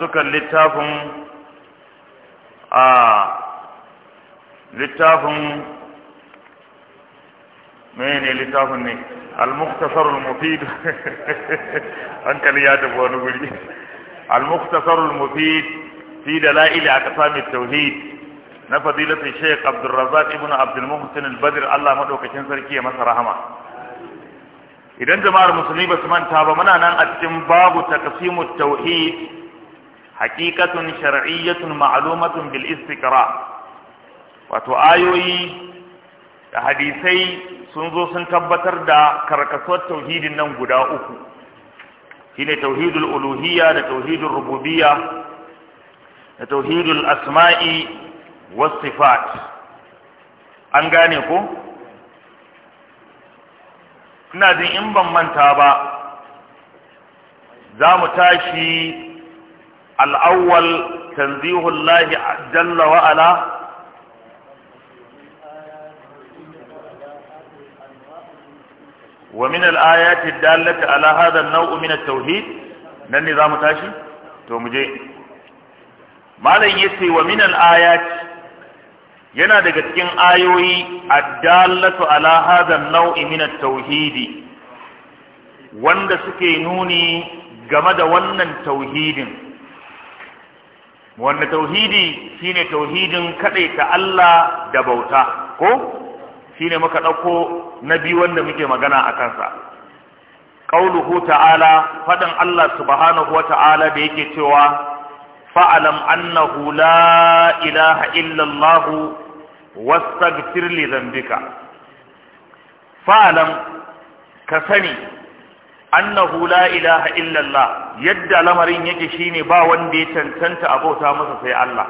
sukan littafin a littafin mene littafin ne al-muktasarul mufid hankali ya tafi wani guri al-muktasarul mufid fi dalail aqsamit tauhid na fadilatu shaykh Abdul Razzaq ibn Abdul Muhsin al-Badr Allah madaukakin sarki ya masa rahama idan jama'ar musulmi ba su manta ba muna nan a cikin babu taqsimut tauhid Haƙiƙatun shar'iyyatun ma'lumatun bil istikra. wato ayoyi da hadisai sun zo sun tabbatar da karkasuwar tauhidin nan guda uku shine tauhidul uluhiyya da tauhidul rububiyya da tauhidul asma'i was sifat an gane ko ina jin in ban manta ba za mu tashi الأول تنزيه الله جل وعلا ومن الآيات الدالة على هذا النوع من التوحيد نظام تاشي تومجي ما لن يسي ومن الآيات yana daga cikin ayoyi addallatu ala hadha nau'i min at-tauhidi wanda suke nuni game da wannan tauhidin wanda tauhidi shine tauhidin ta Allah da bauta ko shine muka dauko na biyu wanda muke magana a kansa qauluhu ta'ala fadan Allah subhanahu wa ta'ala da yake cewa fa'alam annahu la ilaha illa Allah wastaghfir li dhanbika fa'alam ka sani annahu la ilaha illallah yadda lamarin yake shine ba wanda ya tantanta abota masa sai Allah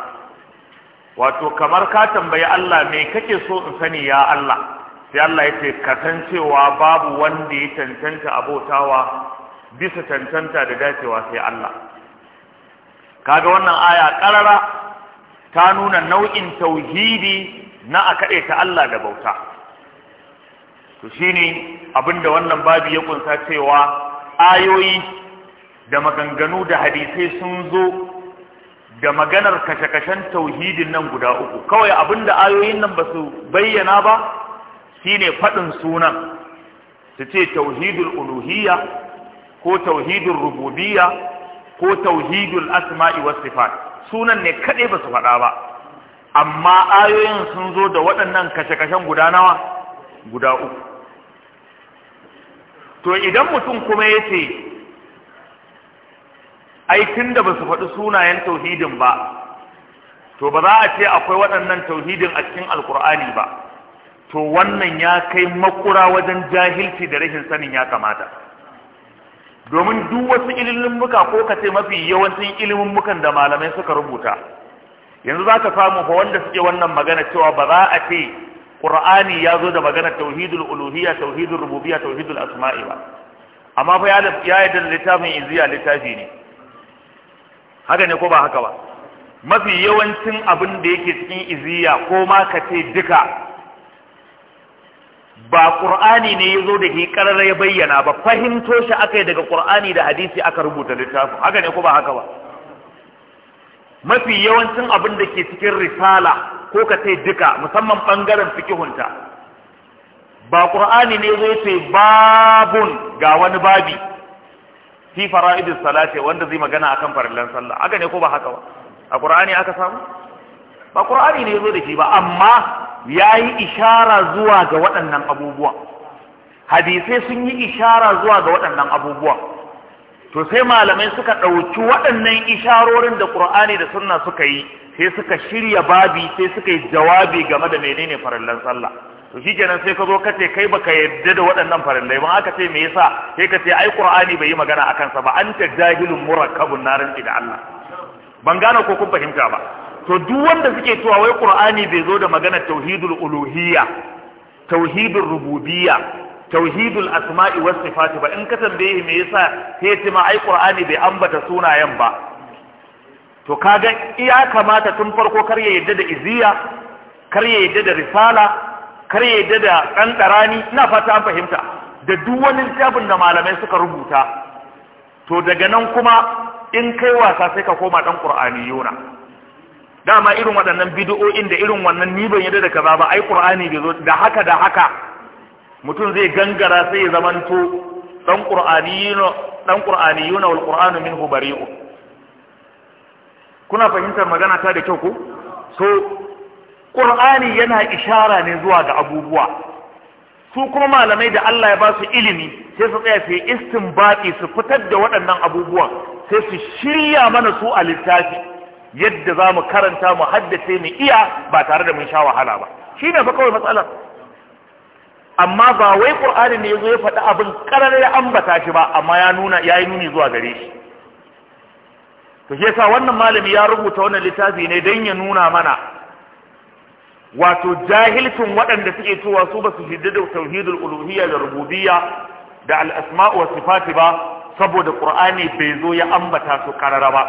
wato kamar ka tambayi Allah me kake so in sani ya Allah sai Allah ya kasancewa babu wanda ya tantanta abotawa bisa tantanta da dacewa sai Allah kaga wannan aya karara ta nuna nau'in tauhidi na a ta Allah da bauta to shine abinda wannan babi ya kunsa cewa ayoyi da maganganu da hadisai sun zo da maganar kashe-kashen tauhidin nan guda uku kawai abinda ayoyin nan ba su bayyana ba shine faɗin sunan su ce tauhidul uluhiyya ko tauhidul rububiyya ko tauhidul asma'i was sifat sunan ne kaɗai ba su faɗa ba amma ayoyin sun zo da waɗannan kashe-kashen guda nawa guda uku to idan mutum kuma ya ce ai tun da ba su faɗi sunayen tauhidin ba to ba za a ce akwai waɗannan tauhidin a cikin alkur'ani ba to wannan ya kai makura wajen jahilci da rashin sanin ya kamata domin duk wasu muka ko ka ce mafi yawancin ilimin mukan da malamai suka rubuta yanzu za ka samu fa wanda suke wannan magana cewa ba za a ce qur'ani ya zo da maganar tauhidul uluhiyya tauhidul rububiyya tauhidul asma'i ba amma fa ya da littafin iziya littafi ne haka ne ko ba haka ba mafi yawancin abin da yake cikin iziya ko ma ka ce duka ba ƙur'ani ne ya zo da shi ƙarar ya bayyana ba fahimto shi aka yi daga ƙur'ani da hadisi aka rubuta littafin haka ne ko ba haka ba mafi yawancin abin da ke cikin risala ko ka ce duka musamman ɓangaren fikihunta ba ƙur'ani ne zai ce babun ga wani babi fi fara'idus salati wanda zai magana akan farillan sallah aka ne ko ba haka ba a ƙur'ani aka samu ba ƙur'ani ne zo da shi ba amma yayi ishara zuwa ga waɗannan abubuwa hadisai sun yi ishara zuwa ga waɗannan abubuwa to sai malamai suka ɗauki waɗannan isharorin da ƙur'ani da sunna suka yi sai suka shirya babi sai suka yi jawabi game da menene farallan sallah to shi kenan sai ka zo ka ce kai baka yarda da waɗannan farallai ba aka ce me yasa sai ka ce ai ƙur'ani bai yi magana akan sa ba anta jahilun murakkabun narin da Allah ban gane ko kun fahimta ba to duk wanda suke cewa wai ƙur'ani bai zo da magana tauhidul uluhiyya tauhidul rububiyya tauhidul asma'i was sifati ba in ka tambaye me yasa sai ma ai qur'ani bai ambata sunayen ba to kaga iya kamata tun farko kar ya yadda da iziya kar ya yadda da risala kar ya yadda da kandarani ina fata an fahimta da duk wani littafin da malamai suka rubuta to daga nan kuma in kai wasa sai ka koma dan qur'ani yona. dama irin waɗannan bid'o'in da irin wannan ni ban yadda da kaza ba ai qur'ani bai zo da haka da haka mutum zai gangara sai ya zamanto dan qur'aniyuna dan wal qur'anu minhu bari'u kuna fahimtar magana ta da kyau ko so qur'ani yana ishara ne zuwa ga abubuwa su kuma malamai da Allah ya ba su ilimi sai su tsaya su yi istinbati su fitar da waɗannan abubuwan sai su shirya mana su a littafi yadda za mu karanta mu haddace mu iya ba tare da mun sha wahala ba shine fa kawai matsalar amma ba wai qur'ani ne yazo ya faɗi abin karar ya ambata shi ba amma ya nuna yayi nuni zuwa gare shi to shi yasa wannan malami ya rubuta wannan littafi ne dan ya nuna mana wato jahilcin waɗanda suke cewa su ba su shidda da tauhidul uluhiyya da rububiyya da al asma'u wa sifati ba saboda qur'ani bai zo ya ambata su karara ba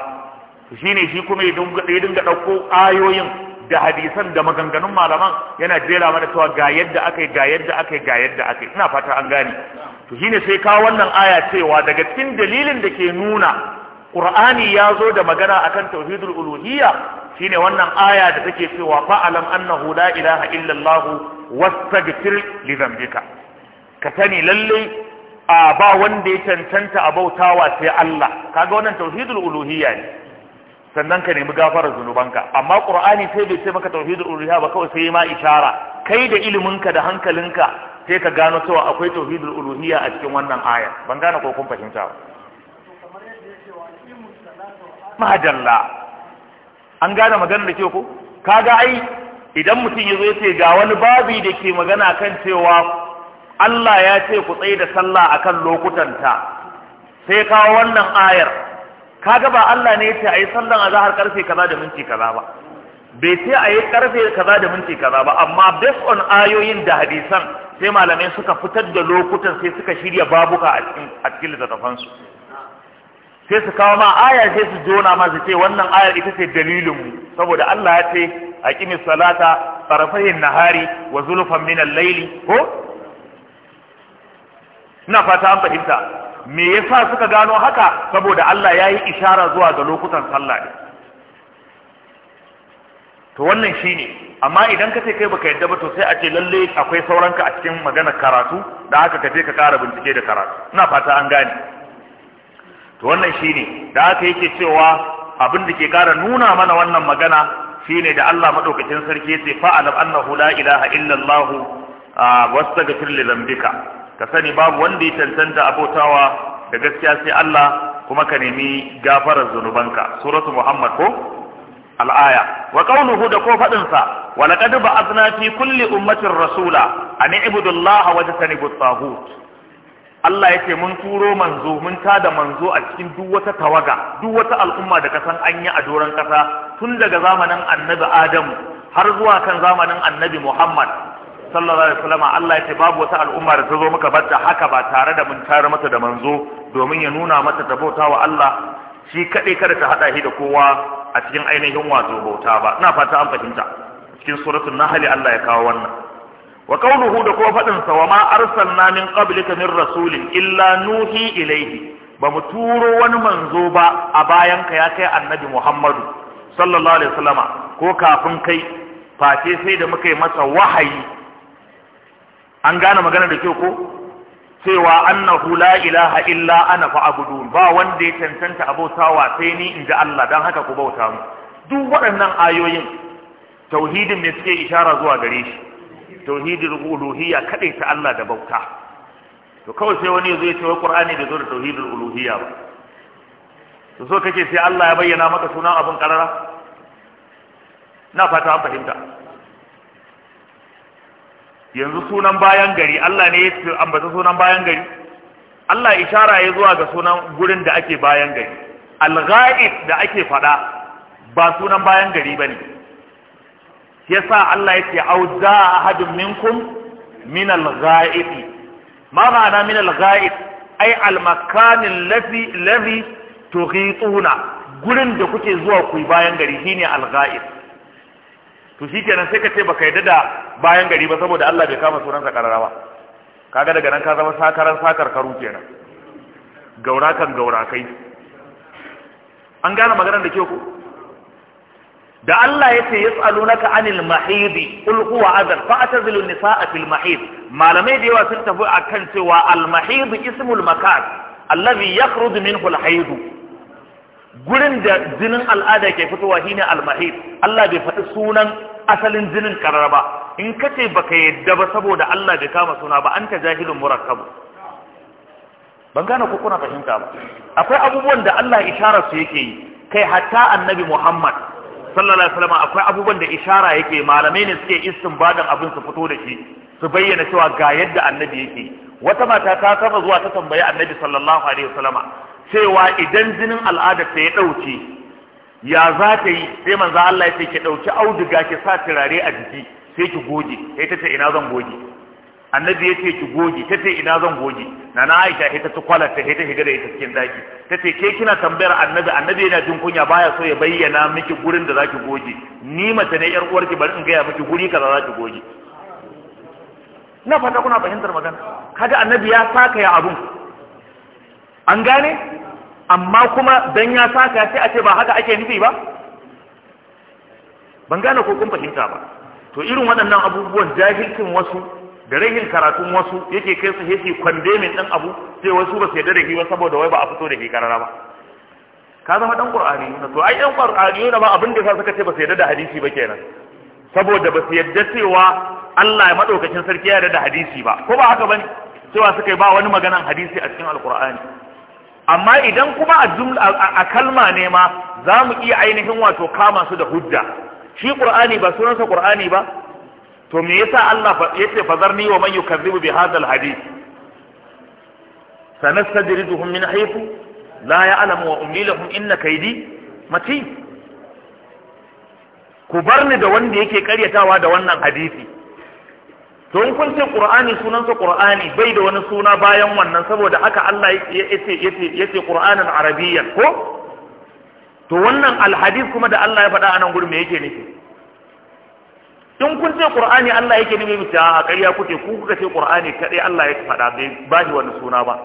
ne shi kuma ya dinga ɗauko ayoyin da hadisan da maganganun malaman yana jera mana cewa ga yadda aka yi ga yadda aka yi ga yadda aka yi ina fata an gane to shine sai kawo wannan aya cewa daga cikin dalilin da ke nuna qur'ani ya zo da magana akan tauhidul uluhiyya shine wannan aya da take cewa fa'alan annahu la ilaha illa allah wastaghfir li dhanbika ka sani lalle a ba wanda ya cancanta a bautawa sai Allah kaga wannan tauhidul uluhiyya ne sannan ka nemi gafarar zunubanka amma qur'ani sai bai sai maka tauhidul uluhiyya ba kawai sai ma ishara kai da iliminka da hankalinka sai ka gano cewa akwai tauhidul uluhiyya a cikin wannan aya ban gane ko kun fahimta ba madalla an gane magana da ke ko kaga ai idan mutum ya zo ya ce ga wani babi da ke magana kan cewa Allah ya ce ku tsaye da sallah akan lokutanta sai kawo wannan ayar kaga ba Allah ne yace ayi sallan azhar karfe kaza da minti kaza ba bai ce ayi karfe kaza da minti kaza ba amma based on ayoyin da hadisan sai malamai suka fitar da lokutan sai suka shirya babuka a cikin a cikin su sai su kawo ma aya sai su jona ma su ce wannan ayar ita ce dalilin mu saboda Allah ya ce aqimi salata tarafayn nahari wa zulfan min al-layli ko ina fata an fahimta me yasa suka gano haka saboda Allah ya yi ishara zuwa ga lokutan sallah ne to wannan shine amma idan ka ce kai baka yadda ba to sai a ce lalle akwai sauranka a cikin maganar karatu da haka ka je ka ƙara bincike da karatu ina fata an gane to wannan shine da haka yake cewa abin da ke kara nuna mana wannan magana shine da Allah madaukakin sarki yace fa'alam annahu la ilaha illallah ah, wastaghfir li dhanbika ka sani babu wanda ya cancanta abotawa da gaskiya sai Allah kuma ka nemi gafarar zunubanka suratu muhammad ko al'aya wa qawluhu da ko fadin sa wa laqad ba'athna fi kulli ummatin rasula an ibudullaha wa tajtanibu at Allah ya ce mun turo manzo mun tada manzo a cikin duk wata tawaga duk wata al'umma da kasan an yi a doron kasa tun daga zamanin annabi Adam har zuwa kan zamanin annabi Muhammad sallallahu alaihi wasallam Allah ya ce babu wata al'umma da ta zo muka barta haka ba tare da mun tare mata da manzo domin ya nuna mata ta bauta wa Allah shi kadai kada ta haɗa shi da kowa a cikin ainihin wato bauta ba ina fata an fahimta cikin suratul nahl Allah ya kawo wannan wa qawluhu da kuma fadin sa wa ma arsalna min qablika min rasulin illa nuhi ilayhi ba mu turo wani manzo ba a bayan ka ya kai annabi Muhammadu sallallahu alaihi wasallama ko kafin kai face sai da muka yi masa wahayi an gane magana da kyau ko cewa annahu la ilaha illa ana fa'budun ba wanda ya cancanta abautawa sai ni inji Allah dan haka ku bauta mu duk waɗannan ayoyin tauhidin ne suke ishara zuwa gare shi tauhidin uluhiyya kadai ta Allah da bauta to kawai sai wani zai ce wa Qur'ani bai zo da tauhidin uluhiyya ba to so kake sai Allah ya bayyana maka sunan abin karara na fata an fahimta yanzu sunan bayan gari Allah ne ya ambata sunan bayan gari Allah ishara ya zuwa ga sunan gurin da ake bayan gari al da ake fada ba sunan bayan gari bane yasa Allah ya ce auza ahadun minkum min al ma ma'ana min al ai al allazi allazi tughituna gurin da kuke zuwa ku bayan gari shine al to shikenan sai ka ce baka yarda da bayan gari ba saboda Allah bai kama sunansa karara ba kaga daga nan ka zama sakaran sakar karu kenan gaura kan gaura kai an gane maganar da ke ku da Allah ya ce yas'alunaka anil mahidi qul huwa adhan fa'tazilu nisaa fil mahid malamai da yawa sun tafi akan cewa al mahid ismul makan allazi yakhruju minhu al haid gurin da jinin al'ada ke fitowa shine almahid Allah bai faɗi sunan asalin jinin karar ba in ka ce baka yadda ba saboda Allah bai kama suna ba anta jahilun murakkabu ban gane ko kuna fahimta ba akwai abubuwan da Allah isharar su yake yi kai hatta annabi Muhammad sallallahu alaihi wasallam akwai abubuwan da ishara yake malamai ne suke istinbadin abin su fito da shi su bayyana cewa ga yadda annabi yake wata mata ta taba zuwa ta tambayi annabi sallallahu alaihi wasallama cewa idan jinin al'adar ta ya ɗauke ya za ta yi sai manzo Allah ya ce ki ɗauki auduga ki sa turare a jiki sai ki goge sai ta ce ina zan goge annabi ya ce ki goge ta ce ina zan goge nana Aisha ita ta kwalarta ita shiga da ita cikin daki ta ce ke kina tambayar annabi annabi yana jin kunya baya so ya bayyana miki gurin da zaki goge ni mace ne yar uwarki bari in gaya miki guri kaza zaki goge na fata kuna fahimtar magana kaga annabi ya saka ya abun an gane amma kuma dan ya saka sai a ce ba haka ake nufi ba ban gane ko kun fahimta ba to irin waɗannan abubuwan jahilcin wasu da rahin karatun wasu yake kai su yake kwande min ɗan abu sai wasu ba su yarda da shi ba saboda wai ba a fito da shi karara ba ka zama ɗan ƙur'ani to ai ɗan ƙur'ani ba abin da sa suka ce ba su yarda da hadisi ba kenan saboda ba su yarda cewa Allah ya madaukakin sarki ya yarda da hadisi ba ko ba haka bane cewa suka yi ba wani maganan hadisi a cikin alƙur'ani amma idan kuma a kalma ne ma za mu iya ainihin wato kama su da hujja shi qur'ani ba sunansa qur'ani ba to me yasa Allah yace fazarni wa man yukazzibu bi hadal hadith sanastadrijuhum min haythu la ya'lamu wa umli lahum inna kaydi mati ku barni da wanda yake karyatawa da wannan hadisi to kun ce qur'ani sunansa qur'ani bai da wani suna bayan wannan saboda haka Allah yace yace yace qur'anan arabiyyan ko to wannan alhadis kuma da Allah ya faɗa a nan gurin me yake nufi in kun ce qur'ani Allah yake nufi mu ta ƙarya kuke ku kuka ce qur'ani kadai Allah ya faɗa bai ba shi wani suna ba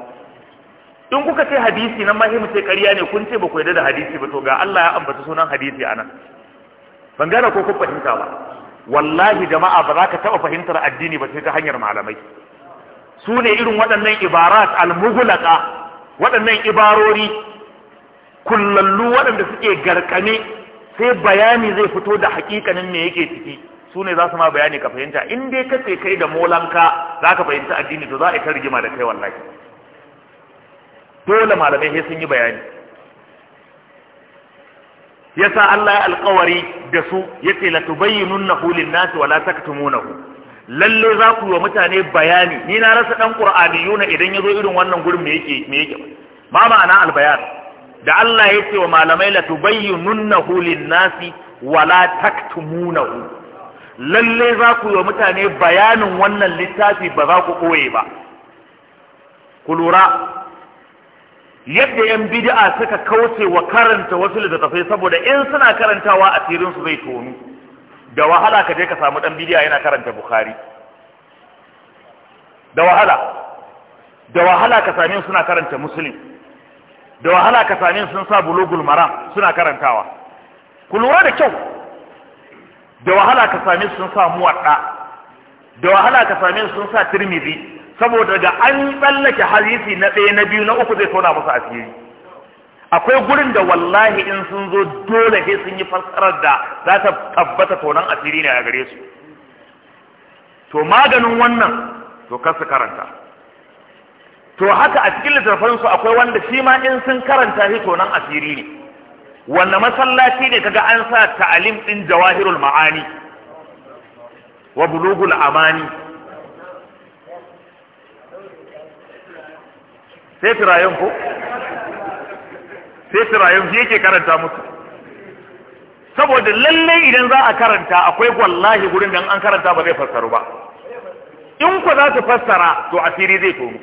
in kuka ce hadisi nan ma sai mu ce ƙarya ne kun ce ba ku yarda da hadisi ba to ga Allah ya ambata sunan hadisi anan ban gane ko ku fahimta ba wallahi jama'a ba za ka taɓa fahimtar addini ba sai ta hanyar malamai su ne irin waɗannan ibarat almugulaka waɗannan ibarori kullallu waɗanda suke garkame sai bayani zai fito da hakikanin me yake ciki su ne za su ma bayani ka fahimta in dai ka ce kai da molanka za ka fahimta addini to za a yi ta rigima da kai wallahi dole malamai sai sun yi bayani yasa Allah ya alƙawari da su yace la tubayyinunnahu hulin nasi wa la hu lalle za ku wa mutane bayani ni na rasa dan qur'aniyuna idan yazo irin wannan gurin me yake me yake ma ma'ana albayan da Allah yace wa malamai la tubayyinunnahu hulin nasi wa la hu lalle za ku wa mutane bayanin wannan littafi ba za ku koye ba ku lura yadda yan bid'a suka kauce wa karanta wasu littattafai saboda in suna karantawa asirin su zai tonu da wahala ka je ka samu dan bid'a yana karanta bukhari da wahala da wahala ka same suna karanta muslim da wahala ka same sun sa bulugul maram suna karantawa ku lura da kyau da wahala ka same sun sa muwadda da wahala ka same sun sa tirmidhi saboda ga an tsallake hadisi na ɗaya na biyu na uku zai tona musu asiri akwai gurin da wallahi in sun zo dole sai sun yi fassarar da za ta tabbata tonan asiri ne a gare su to maganin wannan to kar su karanta to haka a cikin su akwai wanda shi ma in sun karanta shi tonan asiri ne wanda masallaci ne kaga an sa ta'alim din jawahirul ma'ani wa bulugul amani sai firayen ko sai firayen yake karanta musu saboda lallai idan za a karanta akwai wallahi gurin da an karanta ba zai fassaru ba in ku za su fassara to a asiri zai tono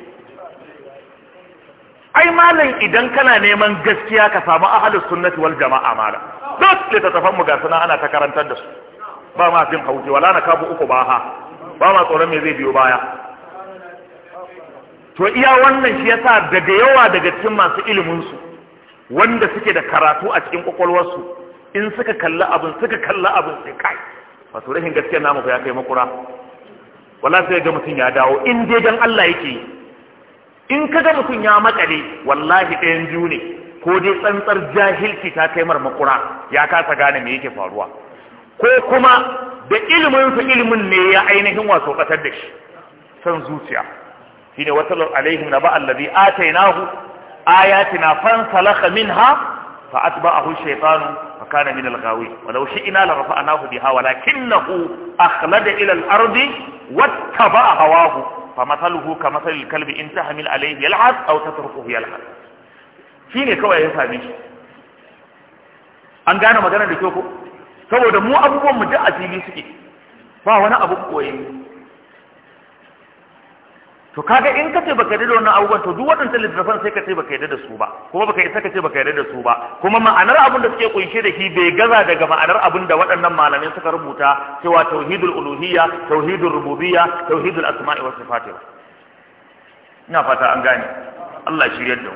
ai malam idan kana neman gaskiya ka samu ahalus sunnati wal jama'a malam duk littattafan mu ga suna ana ta karantar da su ba ma jin hauki wala na kabu uku ba ha ba ma tsoron me zai biyo baya to iya wannan shi yasa daga yawa daga cikin masu iliminsu wanda suke da karatu a cikin kwakwalwarsu in suka kalla abin suka kalla abin sai kai wato rashin gaskiya namu fa ya kai makura wallahi sai ga mutum ya dawo in dai dan Allah yake in ka kaga mutum ya makale wallahi ɗayan biyu ne ko dai tsantsar jahilci ta kai mar makura ya kasa gane me yake faruwa ko kuma da ilimin sa ilimin ne ya ainihin wato katar da shi san zuciya shine wasallu alaihim naba allazi atainahu ayatina fansalakha minha fa atba'ahu shaytanu fa kana min al-ghawi walau shi'na la rafa'nahu biha walakinahu akhlada ila al-ardi wattaba'a hawahu famathaluhu kamathali al-kalbi in tahmil alayhi yal'ab aw tatrukuhu yal'ab shine kawai ya same shi an gane maganar da kyau ko saboda mu abubuwan mu duk a fili suke ba wani abu koyi to kaga in ka ce baka yarda da wannan abubuwan to duk waɗannan littattafan sai ka ce baka yarda da su ba kuma baka isa ka ce baka yarda da su ba kuma ma'anar abin da suke kunshe da shi bai gaza daga ma'anar abin da waɗannan malamai suka rubuta cewa tauhidul uluhiyya tauhidul rububiyya tauhidul asma'i was sifati ba ina fata an gane Allah shi yadda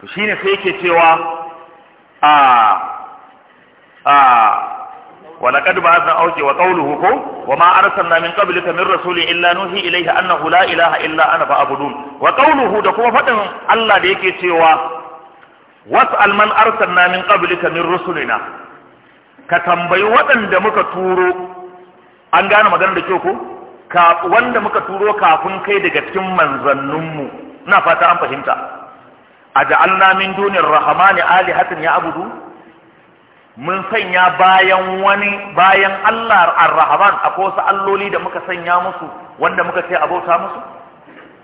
to shine sai yake cewa a a wa laqad ba'athna auki wa qawluhu ko wa ma arsalna min qablika min rasulin illa nuhi ilayhi annahu la ilaha illa ana fa'budun wa qawluhu da kuma fadin Allah da yake cewa was'al man arsalna min qablika min rusulina ka tambayi waɗanda muka turo an gane magana da kyau ko ka wanda muka turo kafin kai daga cikin manzanninmu ina fata an fahimta a aja'alna min dunir rahmani alihatan ya'budu mun sanya bayan wani bayan Allah ar-Rahman akwai wasu alloli da muka sanya musu wanda muka ce abota musu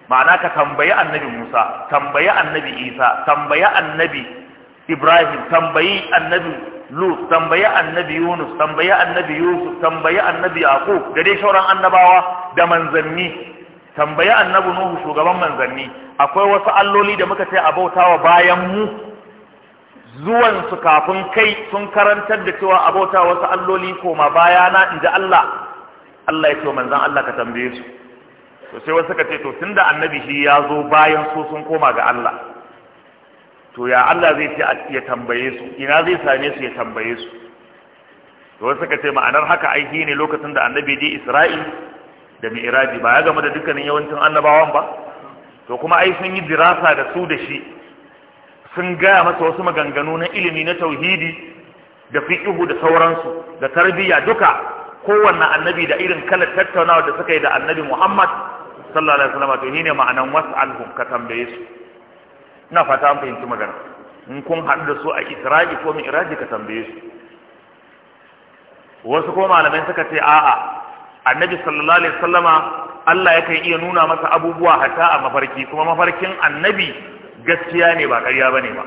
ma'ana ka tambayi annabi Musa tambayi annabi Isa tambayi annabi Ibrahim tambayi annabi Lut tambayi annabi Yunus tambayi annabi Yusuf tambayi annabi Yaqub da dai sauran annabawa da manzanni tambayi annabi Nuhu shugaban manzanni akwai wasu alloli da muka ce wa bayan mu zuwan su kafin kai sun karantar da cewa abota wasu alloli koma baya na inji Allah Allah ya ce manzon Allah ka tambaye su to sai wasu suka ce to tunda annabi shi ya zo bayan su sun koma ga Allah to ya Allah zai ce ya tambaye su ina zai same su ya tambaye su to wasu suka ce ma'anar haka aiki ne lokacin da annabi je Isra'il da Mi'raj ba ya gama da dukkanin yawancin annabawan ba to kuma ai sun yi dirasa da su da shi sun gaya masa wasu maganganu na ilimi na tauhidi da fiqhu da sauransu da tarbiyya duka kowanne annabi da irin kalar tattaunawa da suka yi da annabi Muhammad sallallahu alaihi wasallam to ne ma'anan was'alhum ka tambaye su ina fata an fahimci magana in kun haɗu da su a Isra'i ko Mi'raji ka tambaye su wasu ko malamai suka ce a'a annabi sallallahu alaihi wasallama Allah yakan iya nuna masa abubuwa hatta a mafarki kuma mafarkin annabi gaskiya ne ba ƙarya bane ba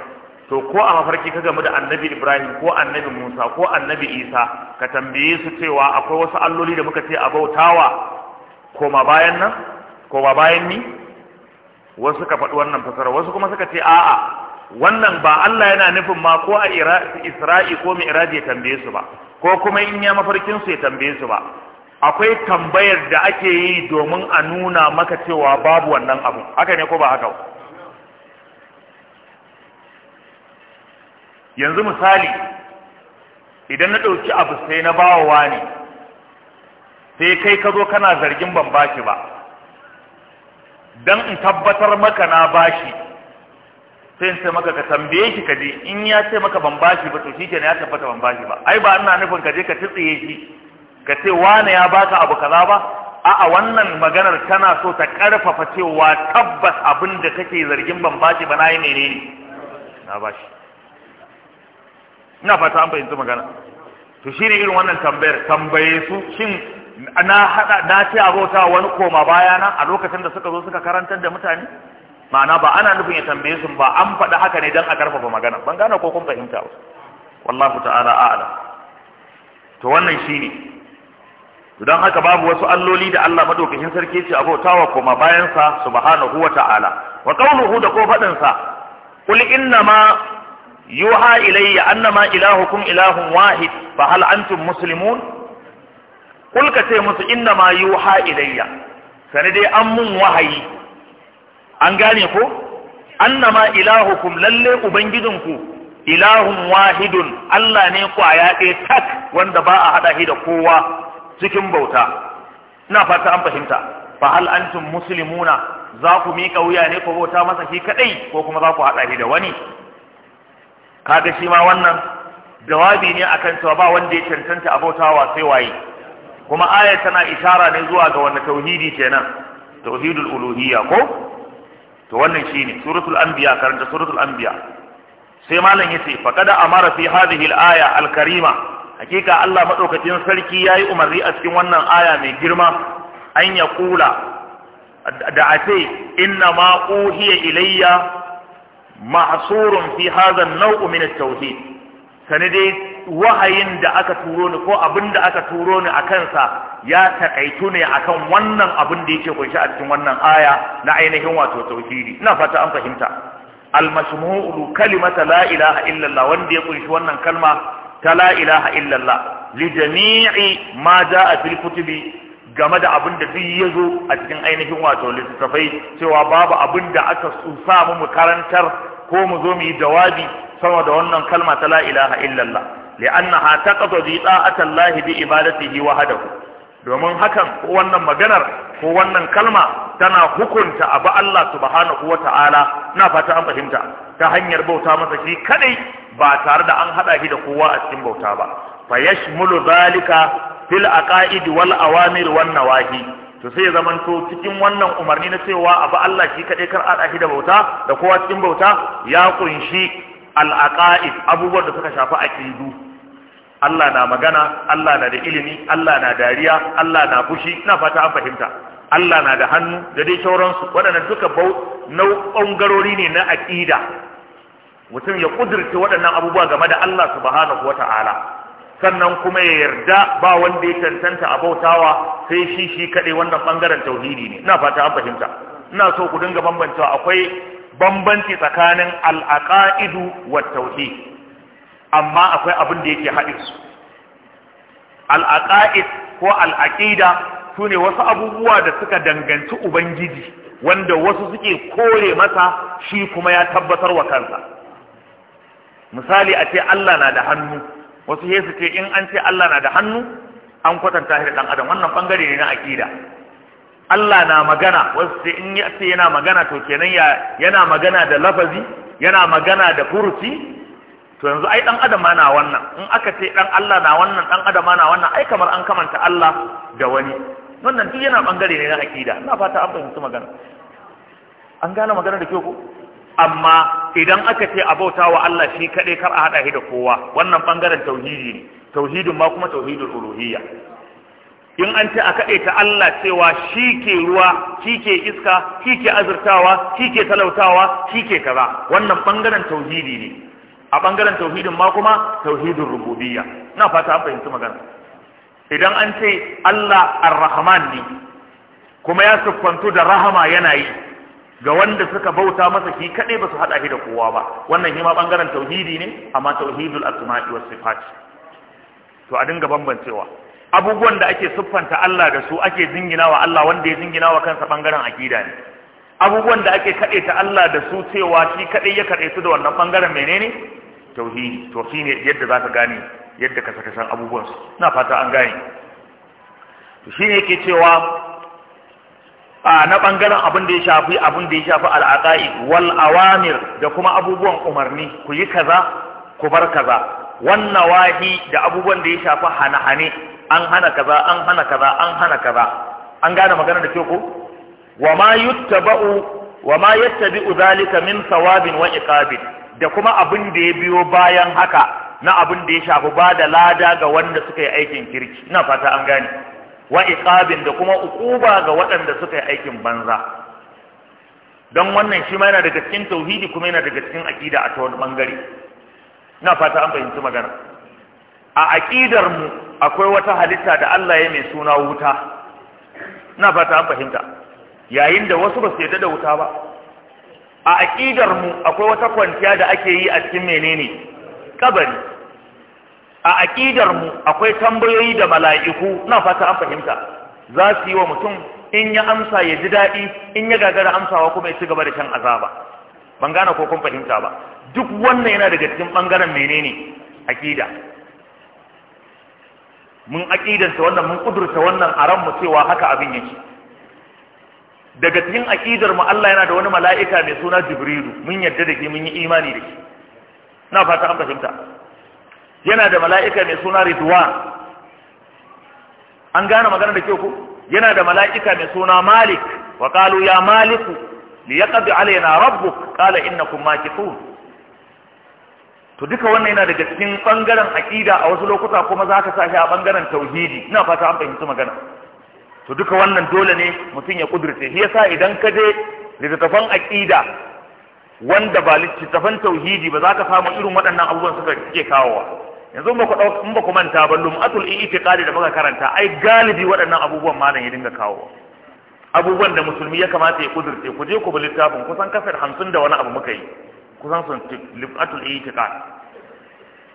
to ko a mafarki ka gamu da annabi ibrahim ko annabi musa ko annabi isa ka tambaye su cewa akwai wasu alloli da muka ce a bautawa koma bayan nan koma bayan ni wasu ka faɗi wannan fasara wasu kuma suka ce a'a wannan ba Allah yana nufin ma ko a Isra'i ko mai iraji ya tambaye su ba ko kuma in ya mafarkin su ya tambaye su ba akwai tambayar da ake yi domin a nuna maka cewa babu wannan abu haka ne ko ba haka yanzu misali idan na ɗauki abu sai na bawa ne sai kai ka zo kana zargin ban bashi ba don in tabbatar maka na bashi sai sai maka ka tambaye shi ka in ya ce maka ban bashi ba to shi ya tabbata ban bashi ba ai ba ina nufin ka je ka tsitsiye shi ka ce wane ya baka abu kaza ba a'a wannan maganar tana so ta karfafa cewa tabbas abin da kake zargin ban bashi ba nayi menene na bashi ina fata an fahimci magana to shine irin wannan tambayar tambaye su shin na hada na ce abota wani koma baya na a lokacin da suka zo suka karantar da mutane ma'ana ba ana nufin ya tambaye su ba an faɗi haka ne don a karfafa magana ban gane ko kun fahimta ba wallahu ta'ala a'ala to wannan shine don haka babu wasu alloli da Allah madaukakin sarki ce abotawa koma bayansa subhanahu wa ta'ala wa qawluhu da ko fadin sa qul inna ma yuha ilayya annama ilahukum ilahun wahid fa hal antum muslimun kul ka ce musu innama yuha ilayya sani dai an mun wahayi an gane ko annama ilahukum lalle ku, ilahun wahidun Allah ne kwaya ɗaya tak wanda ba a haɗa shi da kowa cikin bauta ina fata an fahimta fa hal antum muslimuna za ku miƙa wuya ne ku bauta masa shi kadai ko kuma za ku haɗa shi da wani kaga shi ma wannan jawabi ne akan cewa ba wanda ya cancanta abautawa sai waye kuma aya tana ishara ne zuwa ga wani tauhidi kenan tauhidul uluhiyya ko to wannan shine suratul anbiya karanta suratul anbiya sai malam yace faqad amara fi hadhihi al-aya al-karima hakika Allah madaukakin sarki yayi umarni a cikin wannan aya mai girma an ya kula da ace inna ma uhiya ilayya ma'asurun fi hazan nau'u min sani dai wahayin da aka turo ni ko abin da aka turo ni a kansa ya takaitu ne akan wannan abin da yake kunshi a cikin wannan aya na ainihin wato tauhidi ina fata an fahimta al-mashmu'u kalimata la ilaha illallah wanda ya kunshi wannan kalma ta la ilaha illallah li jami'i ma a fil kutubi game da abin da duk ya zo a cikin ainihin wato littattafai cewa babu abin da aka sa mu mu karantar ko mu zo mu yi jawabi saboda wannan kalma ta la ilaha illallah li'annaha taqtadi da'ata Allah bi ibadatihi wahdahu domin hakan ko wannan maganar ko wannan kalma tana hukunta abu Allah subhanahu ta'ala na fata an fahimta ta hanyar bauta masa shi kadai ba tare da an hada shi da kowa a cikin bauta ba fa yashmulu zalika fil aqaid wal awamir wan nawahi to sai zaman to cikin wannan umarni na cewa abu Allah shi kadai kar a da bauta da kowa cikin bauta ya kunshi al aqaid abubuwan da suka shafi aqidu Allah na magana Allah na da ilimi Allah na dariya Allah na fushi ina fata an fahimta Allah na da hannu da dai sauransu waɗannan duka ɓangarori ne na aƙida mutum ya ƙudurce waɗannan abubuwa game da Allah subhanahu wata'ala sannan kuma ya yarda ba wanda ya tantanta a bautawa sai shi shi kaɗai wannan ɓangaren tauhidi ne ina fata an fahimta ina so ku dinga bambancewa akwai bambanci tsakanin al'aqaidu wa tauhid amma akwai abin da yake haɗe su al'aqaid ko al'aqida su ne wasu abubuwa da suka danganci ubangiji wanda wasu suke kore masa shi kuma ya tabbatar wa kansa misali a ce Allah na da hannu wasu yesu ce in an ce Allah na da hannu an kwatanta shi da dan adam wannan bangare ne na akida Allah na magana wasu ce in ya ce yana magana to kenan ya yana magana da lafazi yana magana da furuci to yanzu ai dan adam na wannan in aka ce dan Allah na wannan dan adam na wannan ai kamar an kamanta Allah da wani wannan duk yana bangare ne na akida ina fata an fahimci magana an gane magana da kyau ko amma idan aka ce a bauta wa Allah shi kaɗai kar a haɗa shi da kowa wannan ɓangaren tauhidi ne tauhidin ma kuma tauhidul uluhiyya in an ce a kaɗe ta Allah cewa shi ke ruwa shi ke iska shi ke azurtawa shi ke talautawa shi ke kaza wannan ɓangaren tauhidi ne a ɓangaren tauhidin ma kuma tauhidin rububiyya na fata an fahimci magana idan an ce Allah ar-rahman ne kuma ya siffantu da rahama yana yi ga wanda suka bauta masa shi kadai ba su haɗa shi da kowa ba wannan shi ma ɓangaren tauhidi ne amma tauhidul asma'i was sifat to a dinga bambancewa abubuwan da ake siffanta Allah da su ake zingina wa Allah wanda ya zinginawa kansa bangaren akida ne abubuwan da ake kaɗe ta Allah da su cewa shi kaɗai ya kaɗe su da wannan bangaren menene tauhidi to shi yadda za ka gane yadda ka saka san abubuwan su Ina fata an gane to shine yake cewa na bangaren abin da ya shafi abin da ya shafi al'aqai wal awamir da kuma abubuwan umarni ku yi kaza ku bar kaza wan nawahi da abubuwan da ya shafi hane-hane an hana kaza an hana kaza an hana kaza an gane magana da ke ku wa ma yuttaba'u wa ma yattabi'u zalika min thawabin wa iqabin da kuma abin da ya biyo bayan haka na abin da ya shafi ba da lada ga wanda suka yi aikin kirki ina fata an gane wa iqabin da kuma uquba ga waɗanda suka yi aikin banza don wannan shi ma yana daga cikin tauhidi kuma yana daga cikin aqida a tawon bangare ina fata an fahimci magana a aqidar mu akwai wata halitta da Allah ya mai suna wuta ina fata an fahimta yayin da wasu ba su yadda da wuta ba a aqidar mu akwai wata kwanciya da ake yi a cikin menene kabari a aƙidar mu akwai tambayoyi da mala'iku na fata an fahimta za su yi wa mutum in ya amsa ya ji daɗi in ya gagara amsawa kuma ya ci gaba da shan azaba ban gane ko kun fahimta ba duk wannan yana daga cikin ɓangaren menene aƙida mun aƙidanta wannan mun ƙudurta wannan a ranmu cewa haka abin yake daga cikin aƙidar mu Allah yana da wani mala'ika mai suna Jibrilu mun yarda da ke mun yi imani da shi na fata an fahimta yana da mala'ika mai suna ridwan an gane magana da kyau ku yana da mala'ika mai suna malik wa qalu ya maliku Rabbu ƙala rabbuk qala innakum makithun to duka wannan yana daga cikin bangaren aqida a wasu lokuta kuma za ka sashi a bangaren tauhidi ina fata an fahimci magana to duka wannan dole ne mutum ya kudurce shi yasa idan ka je littattafan aqida wanda ba littattafan tauhidi ba za ka samu irin waɗannan abubuwan suka ke kawowa yanzu ba ku in ba ku manta ba lum'atul i'tiqadi da muka karanta ai galibi waɗannan abubuwan malam ya dinga kawo abubuwan da musulmi ya kamata ya kudurce ku je ku bi littafin kusan kafir 50 da wani abu muka yi kusan sun lum'atul i'tiqad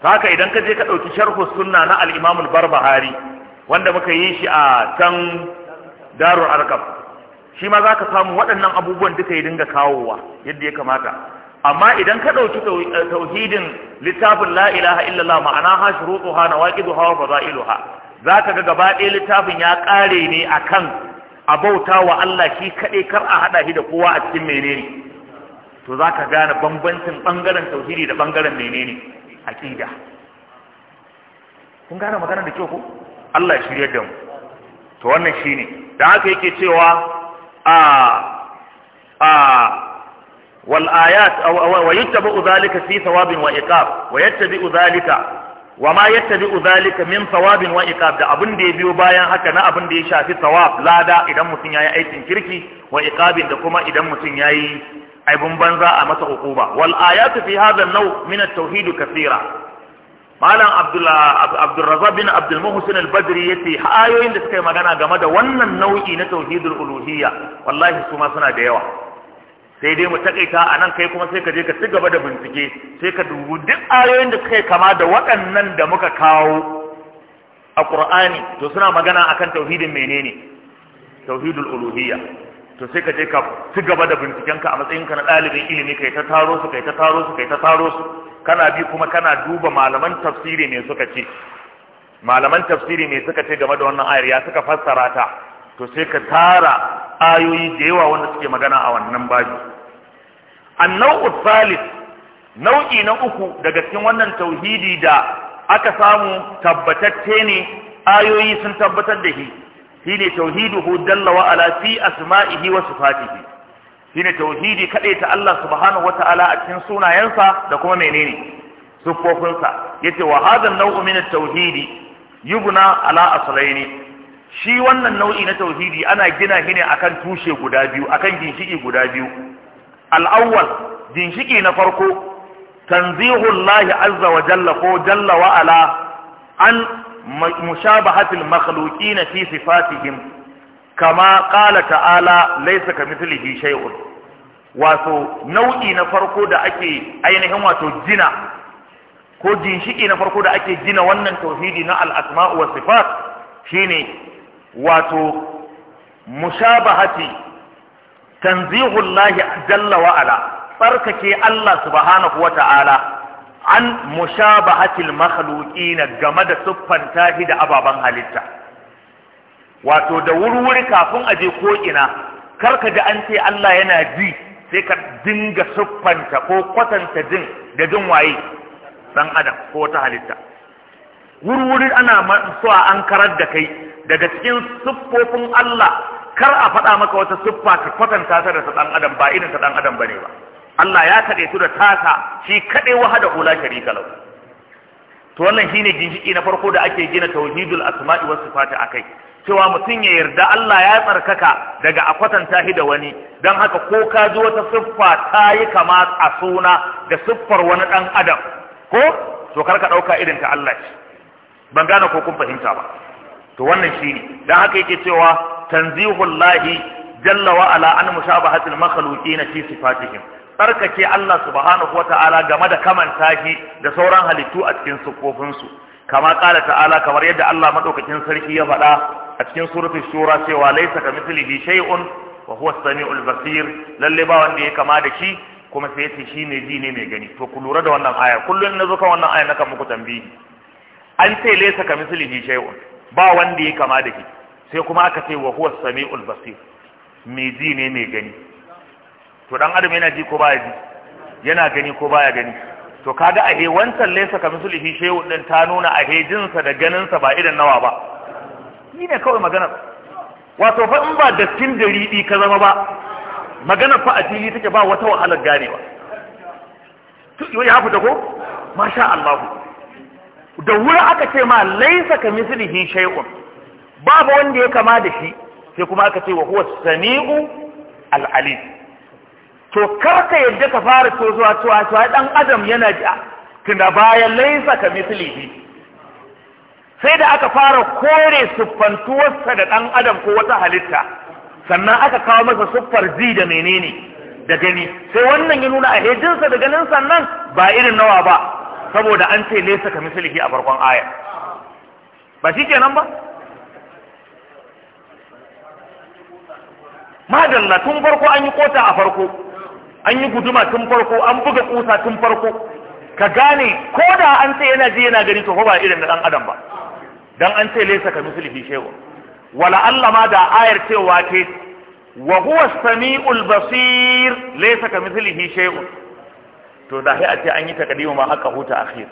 haka idan ka je ka ɗauki sharhu sunna na al-imam al-barbahari wanda muka yi shi a can darul arqam shi ma za ka samu waɗannan abubuwan duka ya dinga kawowa yadda ya kamata amma idan ka ɗauki eh, tauhidin littafin la ilaha illallah ma'ana ha shurutuha nawaqiduha wa za zaka ga gaba ɗaya littafin ya ƙare ne akan a bauta wa Allah shi kaɗai kar a haɗa shi da kowa a cikin menene to zaka gane bambancin ɓangaren tauhidi da ɓangaren menene aƙida kun gane magana da kyau ko Allah ya shirya da mu to wannan shine da haka yake cewa a a wal wa yattabi'u dhalika fi thawabin wa wa yattabi'u dhalika wa ma yattabi'u dhalika min thawabin wa da abin da ya biyo bayan haka na abin da ya shafi thawab lada idan mutum yayi aikin kirki wa da kuma idan mutum yayi aibun banza a masa hukuma wal ayatu fi hadha an-naw min at-tauhid kathira malam abdulrazak bin abdulmuhsin al-badri yace ayoyin da suka yi magana game da wannan nau'i na tauhidul uluhiyya wallahi suma suna da yawa sai dai mu takaita a nan kai kuma sai ka je ka ci gaba da bincike sai ka dubu duk ayoyin da suka kama da waɗannan da muka kawo a ƙur'ani to suna magana akan tauhidin menene tauhidul uluhiyya to sai ka je ka ci gaba da bincikenka a matsayinka na ɗalibin ilimi kai ta taro su kai ta taro su kai ta taro su kana bi kuma kana duba malaman tafsiri ne suka ce malaman tafsiri ne suka ce game da wannan ayar ya suka fassara ta to sai ka tara ayoyi da yawa wanda suke magana a wannan babu annau salis nau'i na uku daga cikin wannan tauhidi da aka samu tabbatacce ne ayoyi sun tabbatar da shi shi ne tauhidu hu dalla wa ala fi asma'ihi wa sifatihi ne tauhidi ta Allah subhanahu wata'ala a cikin sunayensa da kuma menene sufofinsa yace wa hadha nau'u min at-tauhidi yubna ala aslaini shi wannan nau'i na tauhidi ana gina shi ne akan tushe guda biyu akan ginshiki guda biyu al'awwal ginshiki na farko tanzihun lahi azza wa jalla ko jalla wa'ala an mushabahatil na fi sifatihim kama ƙala ta'ala laysa kamithlihi shay'un wato nau'i na farko da ake ainihin wato jina ko ginshiki na farko da ake jina wannan tauhidi na al-asma' wa sifat shine wato mushabahati tanzihullahi jalla wa ala tsarkake Allah subhanahu wa ta'ala an mushabahatil makhluqina game da siffanta shi da ababen halitta wato da wurwuri kafin aje ko ina karka da an ce Allah yana ji sai ka dinga siffanta ko kwatanta din da jin waye dan adam ko ta halitta wurwuri ana so an karar da kai daga cikin siffofin Allah kar a faɗa maka wata siffa ka kwatanta ta da ta ɗan adam ba irin ta ɗan adam bane ba Allah ya kaɗe su da tasa shi kaɗai wahada ula sharika lau to wannan shine ginshiki na farko da ake gina tauhidul asma'i was sifati akai cewa mutum ya yarda Allah ya tsarkaka daga a kwatanta shi da wani don haka ko ka ji wata siffa ta yi kama a suna da siffar wani ɗan adam ko to kar ka ɗauka irin ta Allah ce ban gane ko kun fahimta ba to wannan shi ne don haka yake cewa tanzihullahi jalla wa'ala an wa ala an mushabahatil na fi sifatihim tsarkake Allah subhanahu wa ta'ala game da kamanta shi da sauran halittu a cikin siffofinsu kama kala ta'ala kamar yadda Allah madaukakin sarki ya faɗa a cikin suratul shura cewa laysa kamithlihi shay'un wa huwa as-sami'ul basir lalle ba wanda ya kama da shi kuma sai shi ne ji ne mai gani to ku lura da wannan aya kullun nazo kan wannan aya naka muku tambihi an ce laysa kamithlihi shay'un ba wanda ya kama da shi sai kuma aka ce wa huwa sami'ul basir mai ji ne mai gani to dan adam yana ji ko baya ji yana gani ko baya gani to kaga ahe wancan laysa ka mislihi shay'un din ta nuna ahe sa da ganin sa ba irin nawa ba ni ne kawai magana wato fa in ba dattin daridi ka zama ba magana fa a fili take ba wata wahalar ganewa to ya da ko masha Allah da wuri aka ce ma laysa ka mislihi shay'un babu wanda ya kama da shi sai kuma aka ce wa huwa sami'u al'alim to karka yadda ka fara tozuwa cewa dan adam yana ji tunda baya laisa ka mislihi sai da aka fara kore siffantuwarsa da dan adam ko wata halitta sannan aka kawo masa siffar ji da menene da gani sai wannan ya nuna a hejinsa da ganin sannan ba irin nawa ba saboda an ce laisa ka mislihi a farkon aya ba shikenan ba madalla tun farko an yi kota a farko an yi guduma tun farko an buga kusa tun farko ka gane ko da an ce yana ji yana gani to ba irin da dan adam ba dan an ce laysa ka mislihi shay'u wala Allah ma da ayar cewa ce wa huwa samiul basir laysa ka mislihi shay'u to da sai a ce an yi takadimu ma haka huta akhir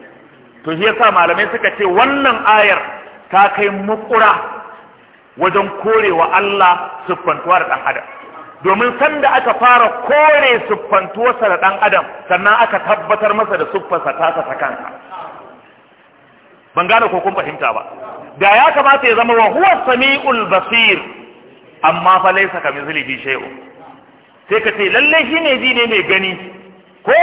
to shi yasa malamai suka ce wannan ayar ta kai mukura wajen korewa Allah siffantuwa da ɗan adam domin sanda aka fara kore siffantuwarsa da ɗan adam sannan aka tabbatar masa da siffarsa tasa ta kanka. ban gane ko kun fahimta ba da ya kamata ya zama wa huwa sami'ul basir amma fa laysa kamithlihi shay'un sai ka ce lalle ne ji ne mai gani ko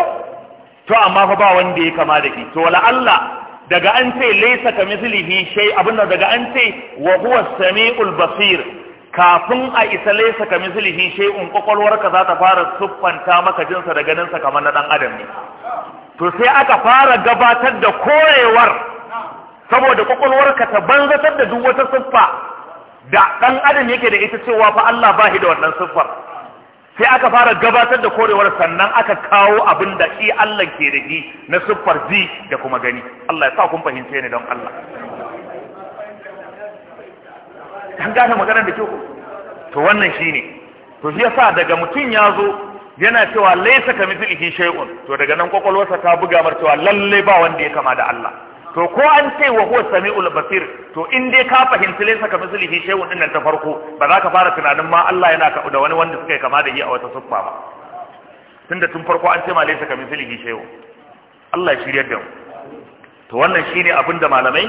to amma fa ba wanda ya kama da shi to wala Allah daga an ce laisa ka mislihi shay abinda daga an ce wa huwa samiul basir kafin a isa laisa ka mislihi shay'un ka za ta fara siffanta maka jinsa da sa kamar na dan adam ne to sai aka fara gabatar da korewar saboda ka ta banzatar da duk wata siffa da dan adam yake da ita cewa fa Allah ba shi da wannan siffar sai aka fara gabatar da korewar sannan aka kawo abin da shi Allah ke da shi na siffar ji da kuma gani Allah ya sa kun fahimce ni don Allah an gane maganar da kyau. to wannan shine to shi yasa daga mutum ya zo yana cewa laisa ka shay'un to daga nan kokolwarsa ta buga mar cewa lalle ba wanda ya kama da Allah to ko an ce wa huwa sami'ul basir to in dai ka fahimci laysa ka mislihi shay'un din nan ta farko ba za ka fara tunanin ma Allah yana ka da wani wanda suka yi kama da yi a wata suffa ba tunda tun farko an ce ma laysa ka mislihi shay'un Allah ya shirya da mu to wannan shine abin da malamai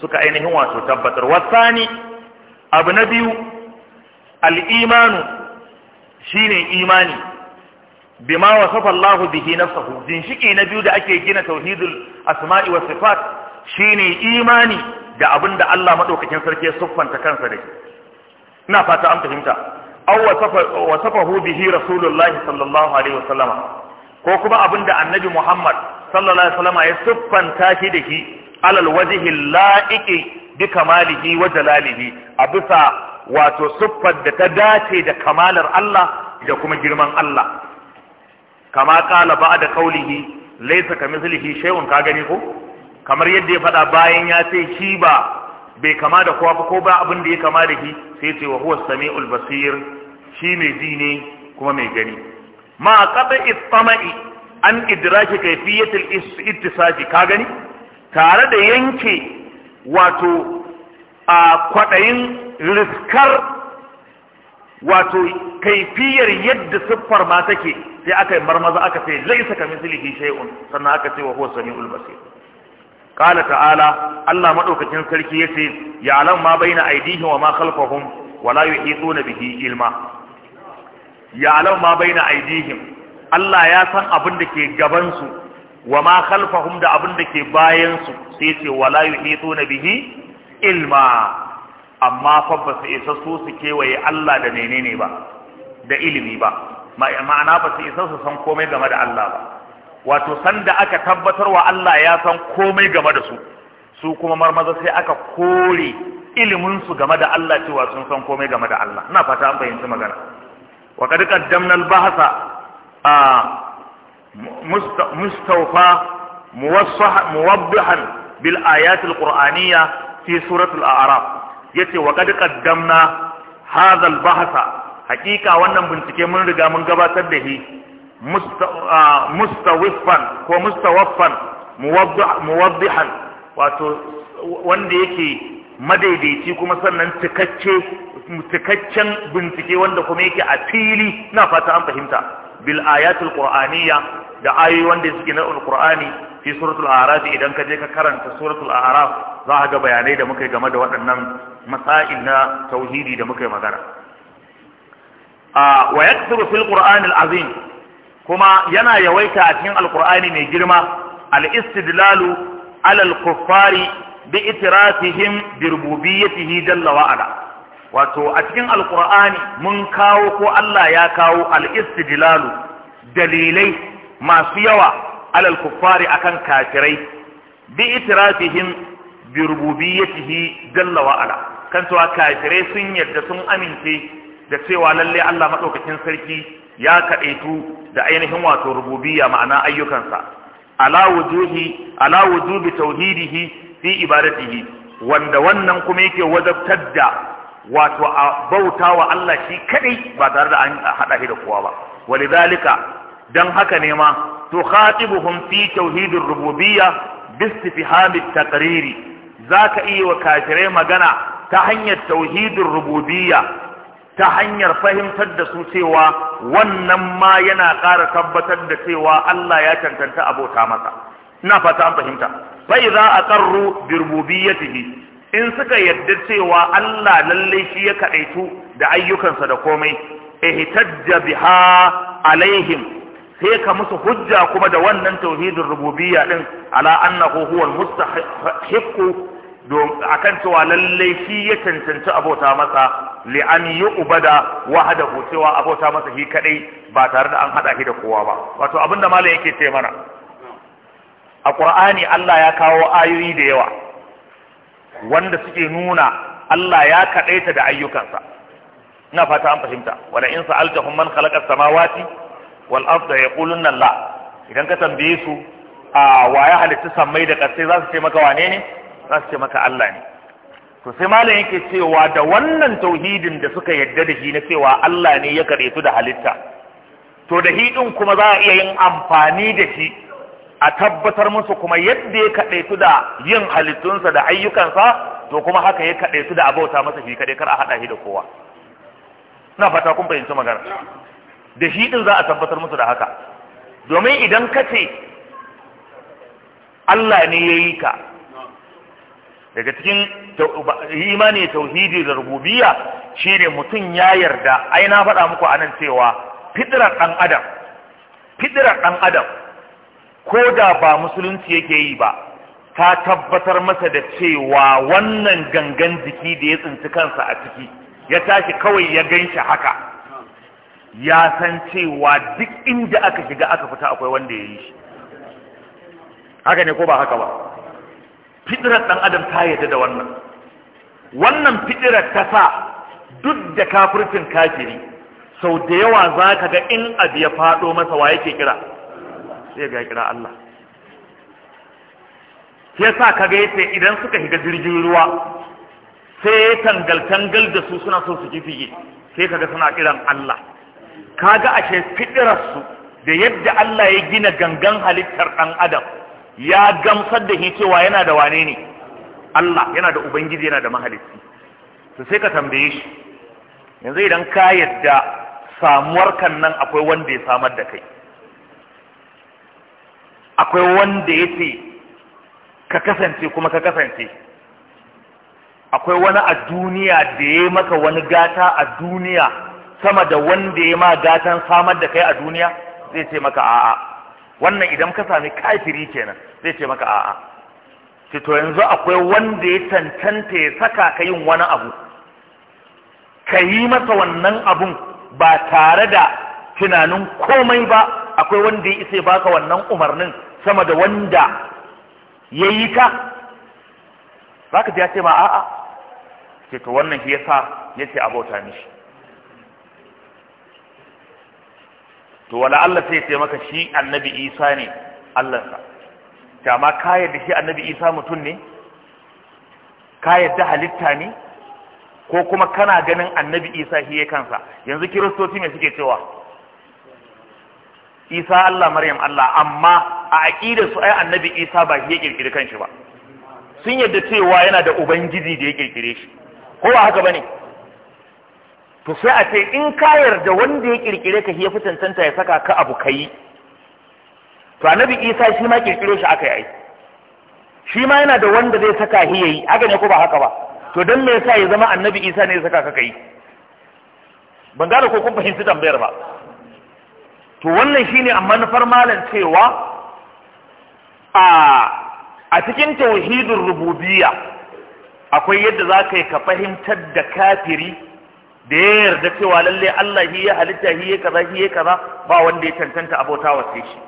suka ainihin wato tabbatar wasani abu na biyu al-imanu shine imani bima wasafa Allah bihi nafsuhu ginshiki na biyu da ake gina tauhidul asma'i was sifat shine imani da abin da Allah madaukakin sarki ya siffanta kansa da ina fata an fahimta aw wasafahu bihi rasulullahi sallallahu alaihi wasallam ko kuma abin da annabi Muhammad sallallahu alaihi wasallam ya siffanta shi da shi alal wajhi la'iqi bi kamalihi wa jalalihi a bisa wato siffar da ta dace da kamalar Allah da kuma girman Allah kama kala ba da kaulihi laisa ka shay'un ka gani ko kamar yadda ya faɗa bayan ya ce shi ba bai kama da kowa ba ko ba abin da ya kama da shi sai ce wa huwa sami'ul basir shi mai ji ne kuma mai gani ma qata ittama'i an idraki kayfiyatul ittisafi ka gani tare da yanke wato a kwadayin riskar wato kaifiyar yadda siffar ma take sai aka yi marmaza aka ce laisa kamithlihi shay'un sannan aka ce wa huwa sami'ul basir qala ta'ala Allah madaukakin sarki yace ya'lam ma baina aydihim wa ma khalfahum wa la yuhituna bihi ilma ya'lam ma baina aydihim Allah ya san abin da ke gaban su wa ma khalfahum da abin da ke bayan su sai ce wa la yuhituna bihi ilma amma fa ba su isa su su kewaye Allah da menene ba da ilimi ba ma'ana ba su isa su san komai game da Allah ba wato sanda aka tabbatar wa Allah ya san komai game da su su kuma marmaza sai aka kore iliminsu game da Allah cewa sun san komai game da Allah ina fata an fahimci magana wa kad qaddamna al-bahsa a mustawfa muwassah muwaddihan bil ayat al-qur'aniyya fi surati al-a'raf yace wa kad qaddamna hadha al-bahsa hakika wannan bincike mun riga mun gabatar da shi Ah, mustawaffan ko mustawaffan muwaddihan wato wanda yake madaidaici kuma sannan cikakke cikakken bincike wanda kuma yake a fili na fata an fahimta bil ayatul qur'aniyya da ayoyi wanda suke na alqur'ani fi suratul a'raf idan ka je ka karanta suratul a'raf za ka ga bayanai da muka yi game da waɗannan masail na tauhidi da muka yi magana a ah, wa yakthuru fil qur'anil azim kuma yana yawaita a cikin alkur'ani mai girma al-istidlalu alal kuffari bi itirafihim bi rububiyyatihi jalla wa ala wato a cikin alkur'ani mun kawo ko Allah ya kawo al-istidlalu dalilai masu yawa alal kuffari akan kafirai bi itirafihim bi rububiyyatihi jalla wa ala kan cewa kafirai sun yarda sun amince da cewa lalle Allah madaukakin sarki ya kadaitu da ainihin wato rububiyya ma'ana ayyukansa ala wujubi tauhidihi fi ibadatihi wanda wannan kuma yake wajabtar da wato a bauta wa Allah shi kadai ba tare da an hada shi da kowa ba walidhalika dan haka ne ma tukhatibuhum fi tauhidir rububiyya bistifham at-taqriri zaka iya wa kafirai magana ta hanyar tauhidir rububiyya ta hanyar fahimtar da su cewa wannan ma yana ƙara tabbatar da cewa Allah ya cancanta abota masa ina fata an fahimta Bai za a karru bi rububiyyatihi in suka yadda cewa Allah lalle shi ya kaɗaitu da ayyukansa da komai ihtajja biha alaihim sai ka musu hujja kuma da wannan tauhidin rububiyya din ala annahu huwa al a kan cewa lallai shi ya cancanci abota masa li'an yi ubada wahada cewa abota masa shi kadai ba tare da an hada shi da kowa ba wato abinda malam yake ce mana a qur'ani Allah ya kawo ayoyi da yawa wanda suke nuna Allah ya kadaita da ayyukansa ina fata an fahimta wala in sa'altahum man khalaqa samawati wal arda yaqulun Allah idan ka tambaye su a waya halitta sammai da ƙasai za su ce maka wane ne za su ce maka Allah ne to sai malam yake cewa da wannan tauhidin da suka yadda da shi na cewa Allah ne ya kare su da halitta to da hidin kuma za a iya yin amfani da shi a tabbatar musu kuma yadda ya kade su da yin halittunsa da ayyukansa to kuma haka ya kade su da abauta masa shi kade kar a hada shi da kowa na fata kun fahimci magana da hidin za a tabbatar musu da haka domin idan ka ce Allah ne ya yi ka daga cikin imani tauhidi da rububiyya shine mutum ya yarda ai na faɗa muku anan cewa fitrar ɗan adam fitrar ɗan adam ko da ba musulunci yake yi ba ta tabbatar masa da cewa wannan gangan jiki da ya tsinci kansa a ciki ya tashi kawai ya ganshi haka ya san cewa duk inda aka shiga aka fita akwai wanda ya yi shi haka ne ko ba haka ba fitirar ɗan adam ta yadda da wannan wannan fitirar ta sa duk da kafircin kafiri sau da yawa za ka ga in abu ya faɗo masa wa yake kira sai ga kira Allah ya sa ka ga yace idan suka shiga jirgin ruwa sai ya tangal-tangal da su suna so su ji fiye sai ka ga suna kiran Allah Ka ga ashe fitirarsu da yadda Allah ya gina gangan halittar ɗan adam ya gamsar da shi cewa yana da wane ne Allah yana da ubangiji yana da mahalicci to sai ka tambaye shi yanzu idan ka yadda samuwar kan nan akwai wanda ya samar da kai akwai wanda ya ce ka kasance kuma ka kasance akwai wani a duniya da ya maka wani gata a duniya sama da wanda ya ma gatan samar da kai a duniya zai ce maka a'a wannan idan ka sami kafiri kenan zai ce maka a'a ce to yanzu akwai wanda ya cancanta ya saka ka yin wani abu ka yi masa wannan abun ba tare da tunanin komai ba akwai wanda ya isa baka wannan umarnin sama da wanda ya yi ka za ka ce ma a'a ce to wannan shi ya sa ya ce abota mishi to wala Allah sai ce maka shi annabi Isa ne sa ta ma ka yadda shi annabi Isa mutum ne ka yadda halitta ne ko kuma kana ganin annabi Isa shi yake kansa yanzu kiristoci me suke cewa Isa Allah Maryam Allah amma a aqidar su ai annabi Isa ba shi ya kirkiri kanshi ba sun yadda cewa yana da ubangiji da ya kirkire shi ko ba haka bane to sai a ce in ka yarda wanda ya kirkire ka shi ya fi cancanta ya saka ka abu kai to annabi isa shi ma kirkiro shi aka yi shi ma yana da wanda zai saka shi yayi aka ne ko ba haka ba to dan me yasa ya zama annabi isa ne ya saka ka kai ban gane ko kun fahimci tambayar ba to wannan shine amma manufar malam cewa a a cikin tauhidin rububiyya akwai yadda za ka yi ka fahimtar da kafiri da ya yarda cewa lalle Allah shi ya halitta shi ya kaza shi ya kaza ba wanda ya tantanta abota wa sai shi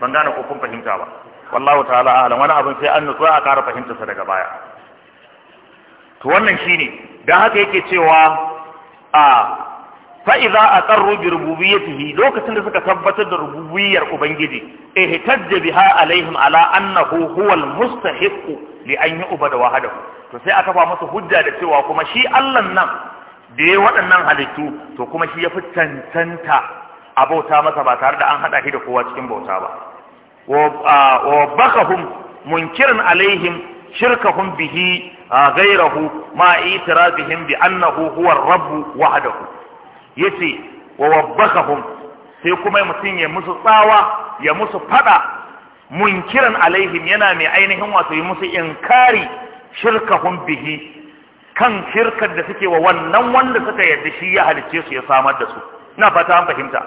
ban gane ko kun fahimta ba wallahu ta'ala a'lam wani abin sai an nutsu a ƙara fahimta sa daga baya to wannan shine dan haka yake cewa a fa idza aqarru bi rububiyyatihi lokacin da suka tabbatar da rububiyyar ubangiji ihtajja biha alaihim ala annahu huwal mustahiq li an yu'bada wahdahu to sai aka ba masa hujja da cewa kuma shi Allah nan da ya waɗannan halittu to kuma shi ya fi cancanta a bauta masa ba tare da an haɗa shi da kowa cikin bauta ba wa bakahum munkirin alaihim shirkahum bihi gairahu ma itirazihim bi annahu huwa ar wahdahu yace wa wabbakahum sai kuma mutum ya musu tsawa ya musu fada munkiran alaihim yana mai ainihin wato yi musu inkari shirkahum bihi kan shirkar da suke wa wannan wanda suka yarda shi ya halicce su ya samar da su ina fata an fahimta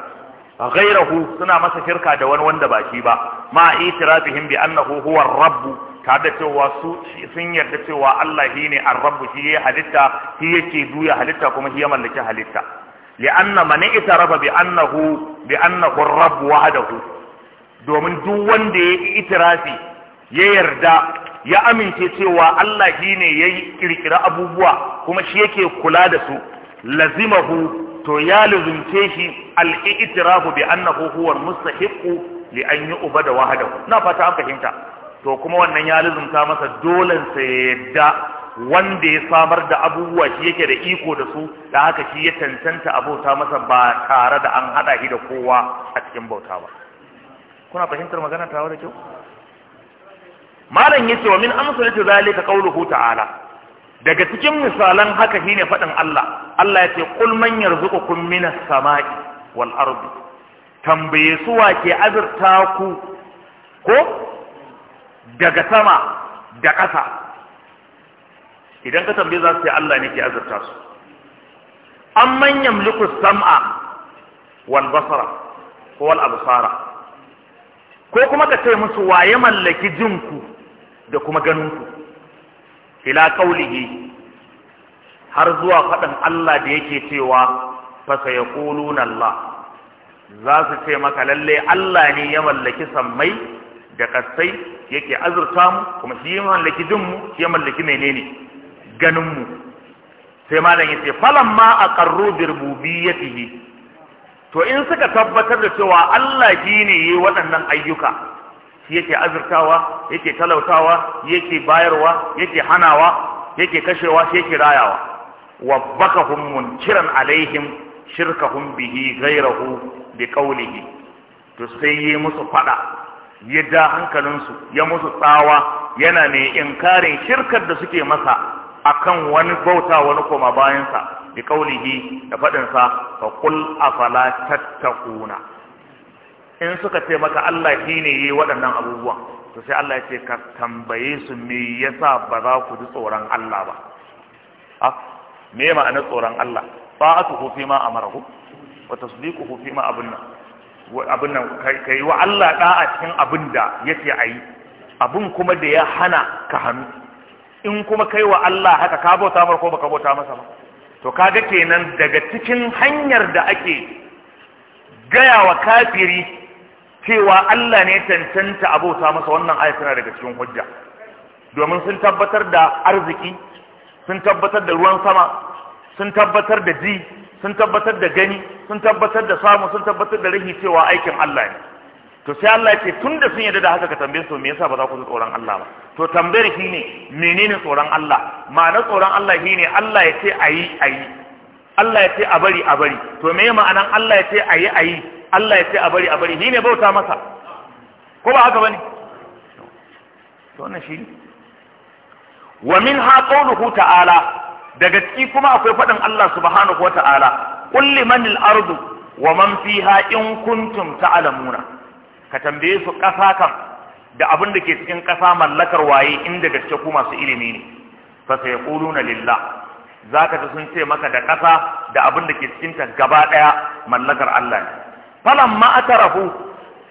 ghairahu suna masa shirka da wani wanda ba shi ba ma itirafihim bi annahu huwa rabb ta da cewa su sun yarda cewa Allah shi ne ar-rabb shi ya halitta shi yake duya halitta kuma shi ya mallaki halitta li'anna man itarafa bi annahu bi annahu ar-rabb wahdahu domin duk wanda ya itirafi ya yarda ya amince cewa Allah shi ne ya yi kirkira abubuwa kuma shi yake kula da su lazimahu to ya lazumce shi al-i'tirafu bi annahu huwa mustahiqu li an yi uba da wahada na fata an fahimta to kuma wannan ya lazumta masa dolen sa yadda wanda ya samar da abubuwa shi yake da iko da su da haka shi ya tantanta abota masa ba tare da an hada shi da kowa a cikin bauta ba kuna fahimtar magana tawa da kyau malam yace wa min amsalati zalika qawluhu ta'ala daga cikin misalan haka shine faɗin Allah Allah ya ce qul man yarzuqukum minas sama'i wal ardi tambaye su wa ke azurta ku ko daga sama da ƙasa idan ka tambaye za su ce Allah ne ke azurta su an manyan yamliku sam'a wal basara ko wal absara ko kuma ka ce musu waye mallaki jinku da kuma ganinku ila kaulihi har zuwa faɗin Allah da yake cewa fa sayaquluna Allah za su ce maka lalle Allah ne ya mallaki sammai da kasai yake azurta mu kuma shi ya mallaki shi ya mallaki menene ganin mu sai malam yace ma aqarru bi rububiyyatihi to in suka tabbatar da cewa Allah shi ne yayi waɗannan ayyuka yake azurtawa yake talautawa yake bayarwa yake hanawa yake kashewa shi yake rayawa wa bakahum munkiran alaihim shirkahum bihi ghayrahu bi qawlihi to sai yi musu fada ya hankalinsu ya musu tsawa yana mai inkarin shirkar da suke masa akan wani bauta wani koma bayansa bi qawlihi da fadin sa fa qul afala tattaquna in suka ce maka Allah shi ne yi waɗannan abubuwan to sai Allah ya ce ka tambaye su me yasa ba za ku ji tsoron Allah ba ha ah, me ma'anar tsoron Allah Ba ta'atuhu fi ma amarahu wa ku fi ma nan? abun nan kai wa Allah a cikin abin da a ayi abun kuma da ya hana ka hannu in kuma kai wa Allah haka ka bauta mar ko baka bauta masa ba to kaga kenan daga cikin hanyar da ake gaya wa kafiri cewa Allah ne tantanta abota masa wannan aya tana daga cikin hujja domin sun tabbatar da arziki sun tabbatar da ruwan sama sun tabbatar da ji sun tabbatar da gani sun tabbatar da samu sun tabbatar da rahi cewa aikin Allah ne to sai Allah ya ce tunda sun yarda da haka ka tambaye su me yasa ba za ku ji tsoron Allah ba to tambayar shi ne menene tsoron Allah ma'anar tsoron Allah shi ne Allah ya ce ayi ayi Allah ya ce a bari a bari to me ma'anar Allah ya ce ayi ayi Allah ya ce a bari a bari ni ne bauta masa ko ba haka bane to wannan shi wa min ha qawluhu ta'ala daga ciki kuma akwai faɗin Allah subhanahu wa ta'ala kulli manil ardu wa man fiha in kuntum ta'lamuna ka tambaye su ƙasa kan da abin da ke cikin ƙasa mallakar waye inda gaske ku masu ilimi ne fa sayquluna lillah zaka ta sun ce maka da ƙasa da abin da ke cikin ta gaba daya mallakar Allah ne falan ma'atarafu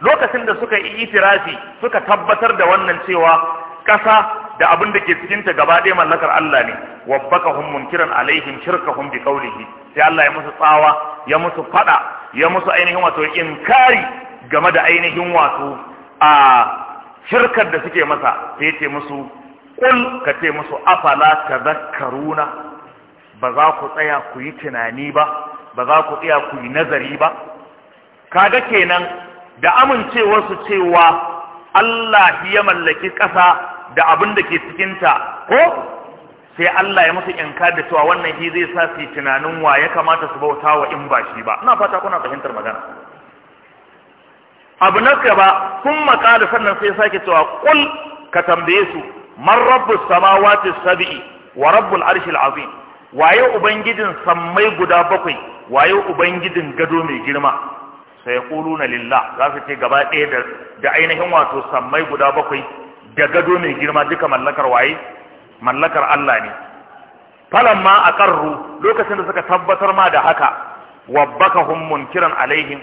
lokacin da suka yi itirafi suka tabbatar da wannan cewa ƙasa da abin da ke cikinta gaba ɗaya mallakar Allah ne wabbaka hum munkiran alaihim shirkahum bi qawlihi sai Allah ya musu tsawa ya musu fada ya musu ainihin wato inkari game da ainihin wato a shirkar da suke masa sai ce musu kul ka ce musu afala tadhakkaruna ba za ku tsaya ku yi tunani ba ba za ku tsaya ku yi nazari ba kaga kenan da amincewarsu cewa Allah ya mallaki ƙasa da abin da ke cikinta ko sai Allah ya musu inkar da cewa wannan shi zai sa su tunanin wa ya kamata su bauta wa in ba shi ba ina fata kuna fahimtar magana abu na gaba sun makala sannan sai sake cewa kul ka tambaye su man rabbus samawati sab'i wa rabbul arshil azim waye ubangijin sammai guda bakwai waye ubangijin gado mai girma sai na lillah zasu ce gaba ɗaya da ainihin wato sammai guda bakwai da gado mai girma duka mallakar waye mallakar Allah ne falan ma aqarru lokacin da suka tabbatar ma da haka wabbakahum munkiran alaihim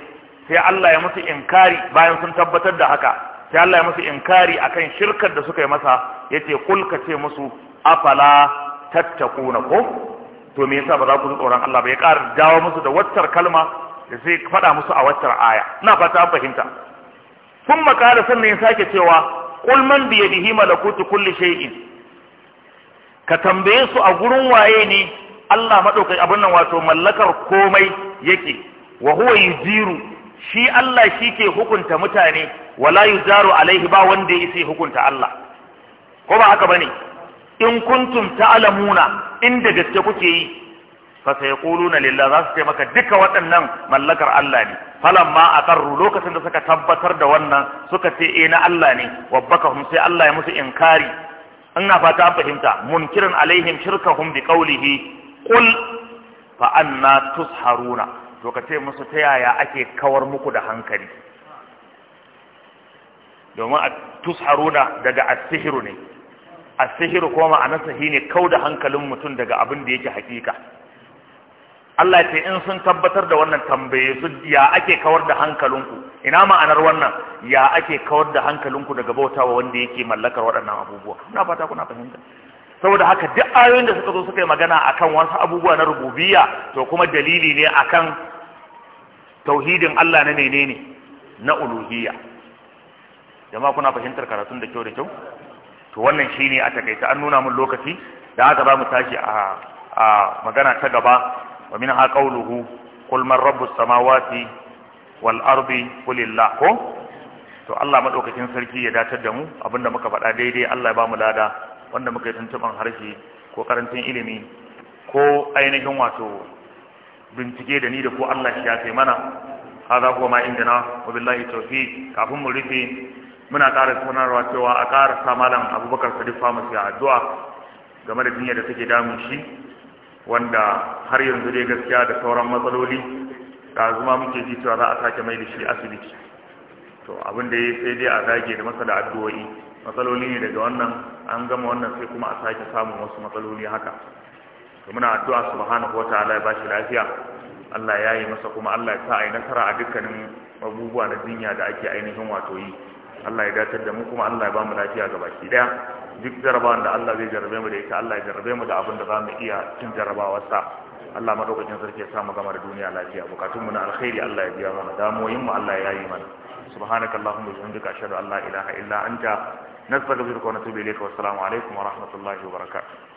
sai Allah ya musu inkari bayan sun tabbatar da haka sai Allah ya musu inkari akan shirkar da suka yi masa yace kul ka ce musu afala tattaquna ko to me yasa ba za ku tsoron Allah ba ya ƙara dawo musu da wattar kalma da zai faɗa musu a waccan aya ina fata an fahimta sun makara sannan ya sake cewa ƙulman man bi yadihi malakutu kulli shay'in ka tambaye su a gurin waye ne Allah madaukai abin nan wato mallakar komai yake wa huwa yujiru shi Allah shi ke hukunta mutane wala yujaru alaihi ba wanda ya isa hukunta Allah ko ba haka bane in kuntum ta'lamuna inda gaske kuke yi fa Lillahi lillah za su ce maka duka waɗannan mallakar Allah ne falan ma aqarru lokacin da suka tabbatar da wannan suka ce eh na Allah ne wabbakahum sai Allah ya musu inkari ina fata an fahimta munkirin alaihim shirkahum bi qawlihi qul fa anna tusharuna to ka ce musu ta yaya ake kawar muku da hankali domin a tusharuna daga asihiru ne asihiru kuma ma'anarsa ne kau da hankalin mutum daga abin da yake hakika Allah ya ce in sun tabbatar da wannan tambaye su ya ake kawar da hankalinku ina ma'anar wannan ya ake kawar da hankalinku daga bautawa wanda yake mallakar waɗannan abubuwa ina fata kuna fahimta saboda haka duk ayoyin da suka zo suka yi magana akan wasu abubuwa na rububiyya to kuma dalili ne akan tauhidin Allah na menene na uluhiyya jama'a kuna fahimtar karatun da kyau da kyau to wannan shine a takaice an nuna mun lokaci da haka za mu tashi a magana ta gaba wa min kulmar qawluhu qul man rabbus samawati wal ardi ko to Allah madaukakin sarki ya datar da mu abinda muka faɗa daidai Allah ya ba mu lada wanda muka yi tuntuban harshe ko karantin ilimi ko ainihin wato bincike da ni da ko Allah shi ya kai mana hada kuwa ma indana wa billahi tawfiq kafin mu rufe muna ƙara sanarwa cewa a ƙara sa malam abubakar sadiq famasi a addu'a game da jinyar da take damun shi wanda har yanzu dai gaskiya da sauran matsaloli da zuma muke ji cewa za a sake mai da shi asibiti to abin da yayi sai dai a zage da masa da addu'o'i matsaloli ne daga wannan an gama wannan sai kuma a sake samun wasu matsaloli haka to muna addu'a subhanahu wataala ya ba shi lafiya Allah ya yi masa kuma Allah ya sa a yi nasara a dukkanin abubuwa na duniya da ake ainihin wato yi Allah ya datar da mu kuma Allah ya ba mu lafiya ga baki daya duk jarabawan da Allah zai jarabe mu da ita Allah ya jarabe mu da abin da za mu iya cin jarabawarsa Allah madaukakin sarki ya samu gama da duniya lafiya bukatunmu na alkhairi Allah ya biya mana mu Allah ya yi mana subhanaka allahumma wa bihamdika ashhadu an la ilaha illa anta nastaghfiruka wa natubu ilayka wa assalamu alaikum wa rahmatullahi wa barakatuh